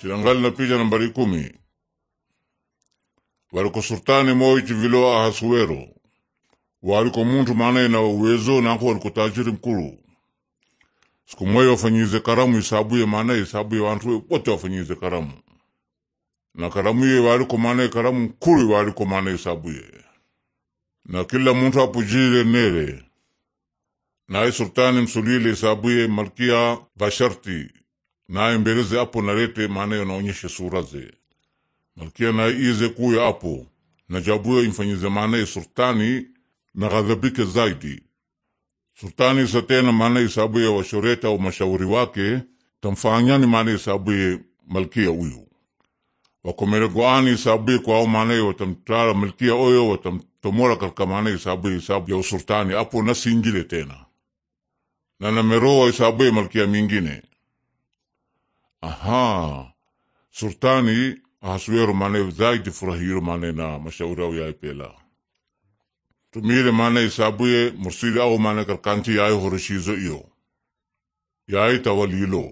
Chilangali na pija nambari kumi waliko surtani moichi viloa ahasuwero waliko muntu mana na uwezo nako waliko tajiri mkulu siku moyo wafanyize karamu isabuye isabu isabuye wantu wote wafanyize karamu na karamu ye waliko maanaye karamu mkulu waliko isabu ye na kila muntu apujile nere naye surtani msulile isabuye malkia basharti naye mbeleze apo narete maana naonyeshe sura ze malkia na ize kuya apo na jabuyo imfanyize maanaye sultani na ghadhabike zaidi sultani isa tena maanaye ya washoreta au mashauri wake tamfanyani maanaye sabuye malkia uyu wakomelegoani isabuye kwao maanaye watamtala malkia oyo watamtomora katika maanaye isabuye isabu ya usultani apo nasingile tena na nameroa isabuye malkia mingine Aha. Surtani ahasuero mane zaidi furahiro mane na mashauri au yai pela. Tumire mane isabuye mursida ao mane karkanti yai horishizo iyo. Yai tawalilo.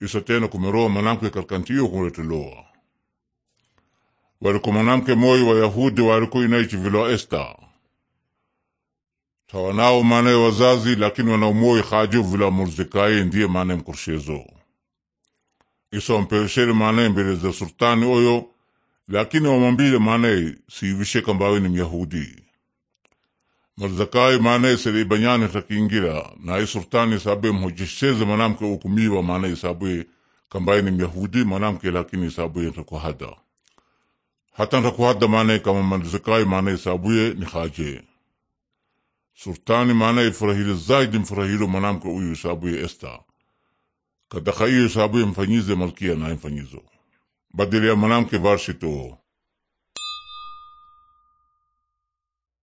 Isa tena kumero manamke karkanti iyo kuretuloa. Waliku manamke moi wa Yahudi waliku inaichi vilo esta. Tawanao mane wazazi lakini wanaumoi khajo vila Mordekai ndiye mane mkurshezo isompeleshele maanaye mbele za sultani oyo lakini wamwambile maanaye siivisheka mbawe ni myahudi marzakayi maanaye seleibanyani takiingira naye sultani isaabuye mhojesheze manamke ukumiwa maanaye isaabuye kambaye ni myahudi manamke lakini isaabuye e ntakuhada hata ntakuhada maanaye kama marzakayi maanaye isaabuye ni haje sultani maanaye ifurahile zaidi mfurahilo manamke uyu isaabuye esta kadakaiyo sabu yamfanyize malkia nayemfanyizo badili ya mwanamke varshito